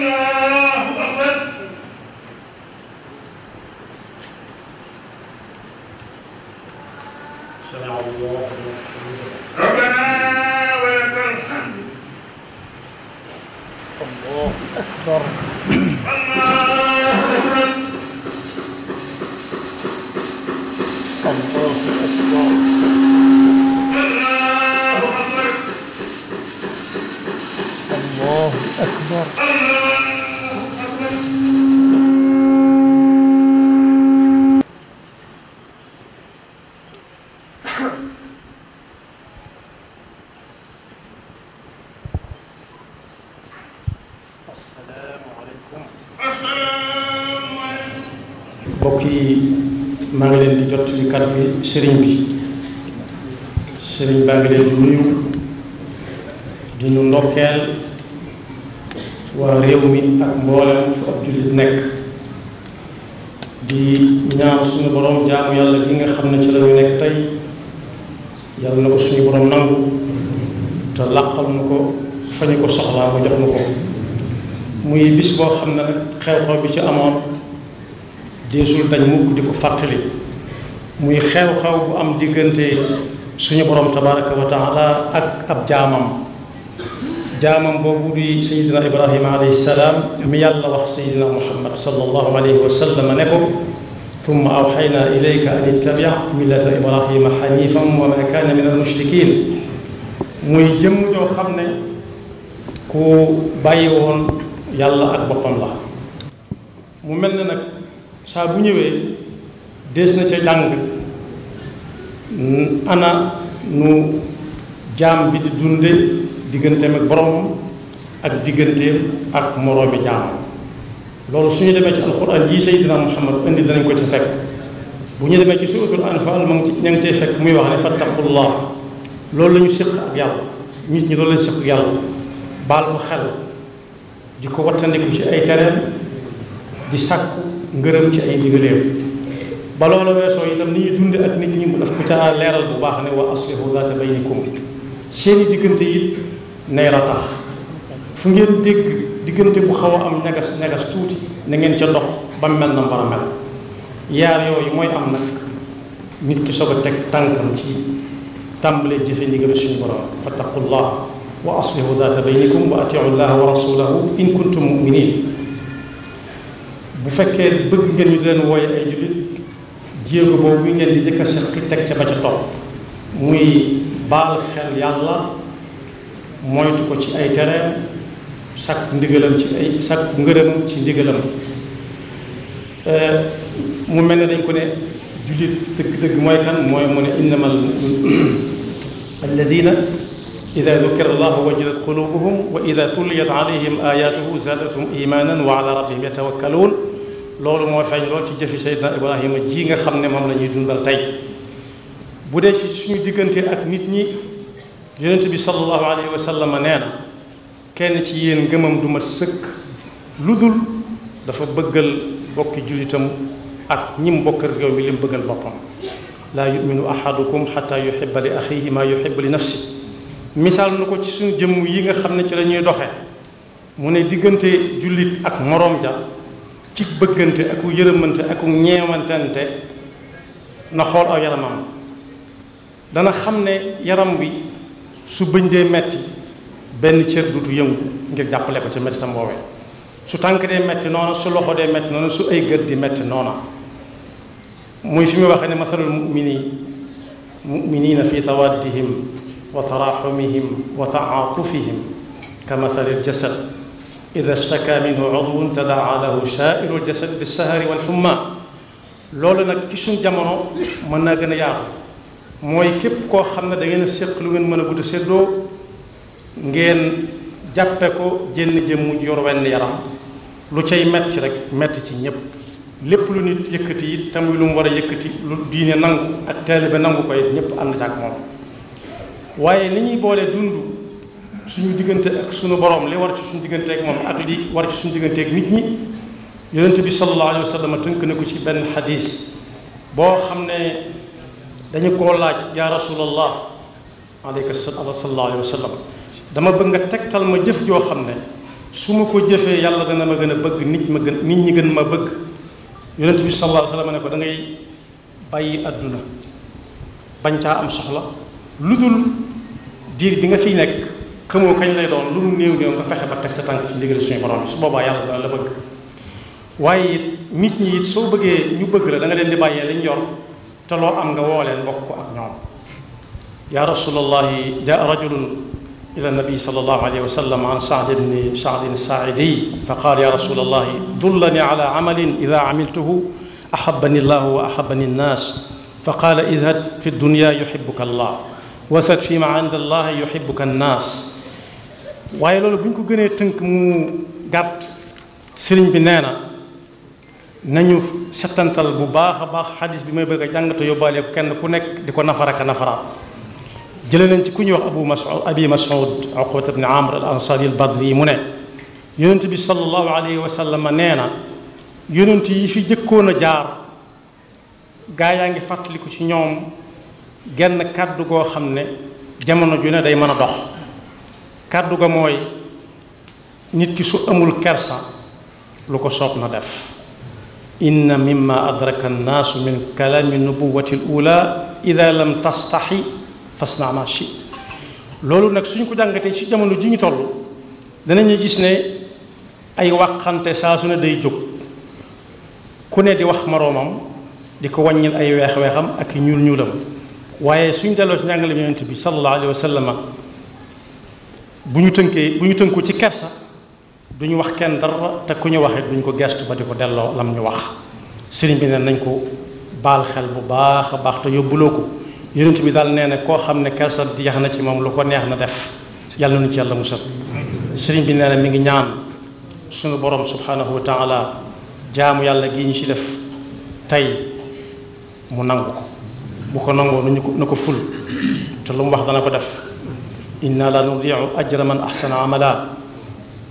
الله أكبر mbokk yi maa ngi leen di jot li kàddu bi sëriñ bi sëriñ baa ngi leen di nuyu di nu ndokkeel waa réew mi ak mboolem fu ab jullit nekk di ñaan suñu borom jaamu yàlla gi nga xam ne ci la nekk tey yàlla na ko suñu borom nangu te làqal na ko fañu ko soxlaa mu jox na ko muy bis boo xam ne xew-xew bi ci amoon deesul dañ mukk di ko fàttali muy xew-xew bu am diggante suñu borom tabaraka wa taala ak ab jaamam jaamam boobu di sayidina ibrahima alayhi salaam mi yàlla wax sayidina muhammad sallallahu alayhi wa sallam ne ko tumma awxayna ilayka an ittabia millata ibrahima xanifan wa ma kaana min almushrikin muy jëmm joo xam ne ku bàyyi woon yàlla ak boppam la mu mel ne nag saa bu ñëwee des na ca jàng ana nu jaam bi di dunde digganteem ak boromam ak digganteem ak moroomi jaamam loolu su ñu demee ci alxuraan jii Seydina Muhammad indi danañ ko ci fekk bu ñu demee ci suuratul Anfaal ma ngi ci ña ngi tey fekk muy wax ne fattaqullah loolu la ñu ak yàlla nit ñi loolu lañu séq ak yàlla baal ko xel di ko wattandiku ci ay tereem di sàkku ngërëm ci ay digaleem ba loola weesoo itam ni ñuy dunde ak nit ñi mu daf ko ca leeral bu baax ne wa aslihu zaata baynikum seeni diggante yi nay la tax fu ngeen dégg diggante bu xaw a am ñagas ñagas tuuti na ngeen ca dox ba mel na war a mel yaar yooyu mooy am nag nit ki soog a teg tànkam ci tàmbalee jëfe ndigal suñu borom fattaqullah wa aslihu zaata baynikum wa atiu llaha wa rasulahu in kuntum muminin bu fekkee bëgg ngeen ñu leen wooye ay jullit jéego boobu ngeen di njëkk a teg ca ba ca topp muy baal xel yàlla ko ci ay tereem sakk ndigalam ci ay sakk ngërëm ci ndigalam euh, mu mel ne dañ ko ne jullit dëgg-dëgg mooy kan mooy mu ne innamal alladina ida dukira allahu wajilat qulubuhum wa ida tuliyat alayhim ayatuhu loolu moo feeñ lool ci jëfi Seydina Ibrahima ji nga xam ne moom la ñuy dundal tey bu dee ci suñu diggante ak nit ñi yonent bi sallallahu alayhi wa nee na kenn ci yéen ngëmam du mat sëkk lu dul dafa bëggal bokki jullitam ak ñi mu bokkal réew mi li bëggal boppam laa yuminu ahadukum xata yuhiba li axihi maa yuhibu li nafsi misaal na ko ci suñu jëmm yi nga xam ne ci lañuy doxe doxee mu ne diggante jullit ak moroom ja ci bëggante ak yërëmante ak ñeewantante na xool aw yaramam dana xam ne yaram wi su bëñ dee metti benn cër duutu yëngu ngir jàppale ko ci mettitam boobee su tànk dee metti noona su loxo dee metti su ay gët di metti noona muy fi mu waxee ne masalul muminin muminina fi tawaddihim wa taraxumihim ka masalil jasad ida staka minhu udwun tadaa lahu saairu ljasad bilsahari walxumma loolu nag ki suñ jamono mën naa gën a yaatu mooy képp koo xam ne dangeen ngeen séq lu ngeen mën a gudd séddoo ngeen jàppe ko jénn jëm mu yor wenn yaram lu cay metti rek metti ci ñépp lépp lu nit yëkkati it tamuy lu mu war a yëkkati lu diine nangu ak taalibe nangu ko it ñépp ànd ak moom waaye ni ñuy boole dund suñu diggante ak suñu borom li war ci suñu diggante ak moom ak li war ci suñu diggante ak nit ñi yonent bi sallallahu alayhi wa sallam tënk na ko ci benn xadis boo xam ne dañu ko laaj yaa rasulallah aleyka sallallahu alayhi wa sallam dama bëgg nga tegtal ma jëf joo xam ne su ko jëfee yàlla dana ma gën bëgg nit ma gën nit ñi gën ma bëgg yonent bi sallallahu alayhi wa ne ko dangay ngay bàyyi àdduna bañ caa am soxla lu dul diir bi nga fi nekk xamoo kañ lay doon lu mu néew néew nga fexe ba teg sa tànk ci ndigal suñu borom bi su boobaa yàlla dana la bëgg waaye it nit ñi it soo bëggee ñu bëgg la da nga leen di bàyyee liñ yor te loo am nga woo leen bokk ak ñoom yaa rasulallahi jaa rajulun ila nabi sallallahu alayhi wa sallam an saad ibni saadin saaidi fa qaal yaa rasulallahi dullani ala amalin ida amiltuhu axabani llahu wa axabani nnaas fa qaala idhab fi dunya yuxibuka allah wasad fi ma inda allahi yuxibuka nnaas waaye loolu bu ñu ko gënee tënk mu gàtt sëriñ bi nee na nañu settantal bu baax a baax xadis bi may bëgg a jàngate yóbbaale kenn ku nekk di ko nafaraka nafaraat jële nañ ci ku ñuy wax abu masud abi masud uqbat ibn amr al ansari al badri yi mu ne yonent bi sallallahu alayhi wa sallam nee na yonent yi fi jëkkoon a jaar gaa yaa ngi fàttaliku ci ñoom genn kàddu goo xam ne jamono ju ne day mën a dox kàddu ga mooy nit ki su amul kersa lu ko soob na def inna mimma adraka annaasu min kalaami nubuwati l ula ida lam tastaxi fasna ma shi loolu nag suñ ko jàngatee ci jamono ji ñu toll danañu gis ne ay waxante saa su ne day jóg ku ne di wax moroomam di ko wàññil ay weex-weexam ak ñuul ñuulam waaye suñ delloo ci njàngale yonent bi sallallahu alayhi wa sallama bu ñu tënkee bu ñu tënku ci kersa du ñu wax kenn dara te ku ñu waxee duñ ko gestu ba di ko delloo lam ñu wax sëriñ bi ne nañ ko baal xel bu baax a baax te yóbbuloo ko yonent bi daal nee na koo xam ne kersa di yax na ci moom lu ko neex na def yàlla nu ci yàlla musal sëriñ bi nee na mi ngi ñaan suñu borom subhanahu wa taala jaamu yàlla gii ñu ci def tey mu nangu ko bu ko nangoo nañu ko ko ful te lu mu wax dana ko def inna la nudiu ajra man ahsana amala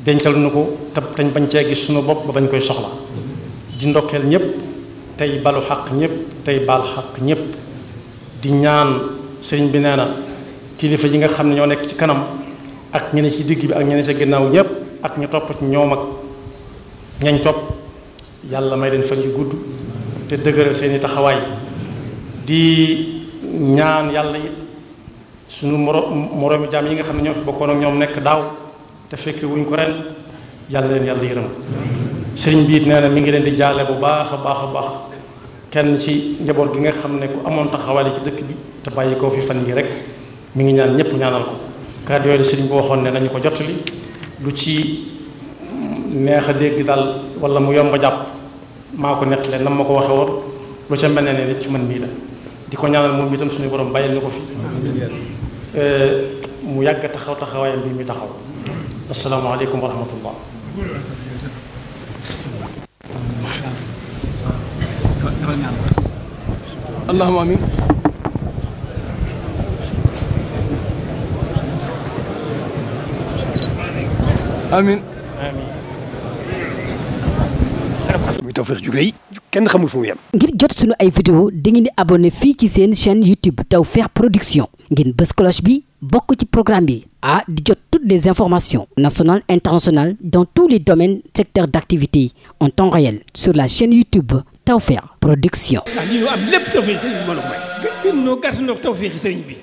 dencal nu ko te dañ bañ cee gis suñu bopp ba bañ koy soxla di ndokkeel ñëpp tey balu xaq ñépp tey baal xaq ñëpp di ñaan sëriñ bi nee na kilifa yi nga xam ne ñoo nekk ci kanam ak ñeneen ci digg bi ak ñeneen ci ginnaaw ñëpp ak ñu topp ci ñoom ak ñañ topp yàlla may leen fan yu gudd te dëgëral seeni taxawaay di ñaan yàlla sunu moro moroomi jaam yi nga xam ne ñoo fi bokkoon ak ñoom nekk daaw te fekke wuñ ko ren yàlla leen yàlla yërëm sëriñ bi it nee mi ngi leen di jaale bu baax a baax a baax kenn ci njaboot gi nga xam ne ku amoon taxawaale ci dëkk bi te bàyyi koo fi fan yi rek mu ngi ñaan ñëpp ñaanal ko kàddu yooyu la sëriñ bi waxoon ne nañu ko jottali lu ci neex a dégg daal wala mu yomb a jàpp maa ko nettalee nam ma ko waxee woon lu ca mel ne ne ci man mii la di ko ñaanal moom itam suñu borom bàyyil na ko fi mu yàgg taxaw taxawaayam bi muy taxaw asalaamaaleykum wa rahmatullah amin amin muy Tawfekh kenn xamul fu mu yem ngir jot sunu ay vidéo dangeen di abonné fii ci seen chaîne YouTube Tawfekh Production ngeen bës cloche bi bokk ci programme bi ah di jot toutes les informations nationales internationales dans tous les domaines secteurs d'activité en temps réel sur la chaîne YouTube Tawfekh Production. ah lii am lépp tawfeex sëriñ bi a bi.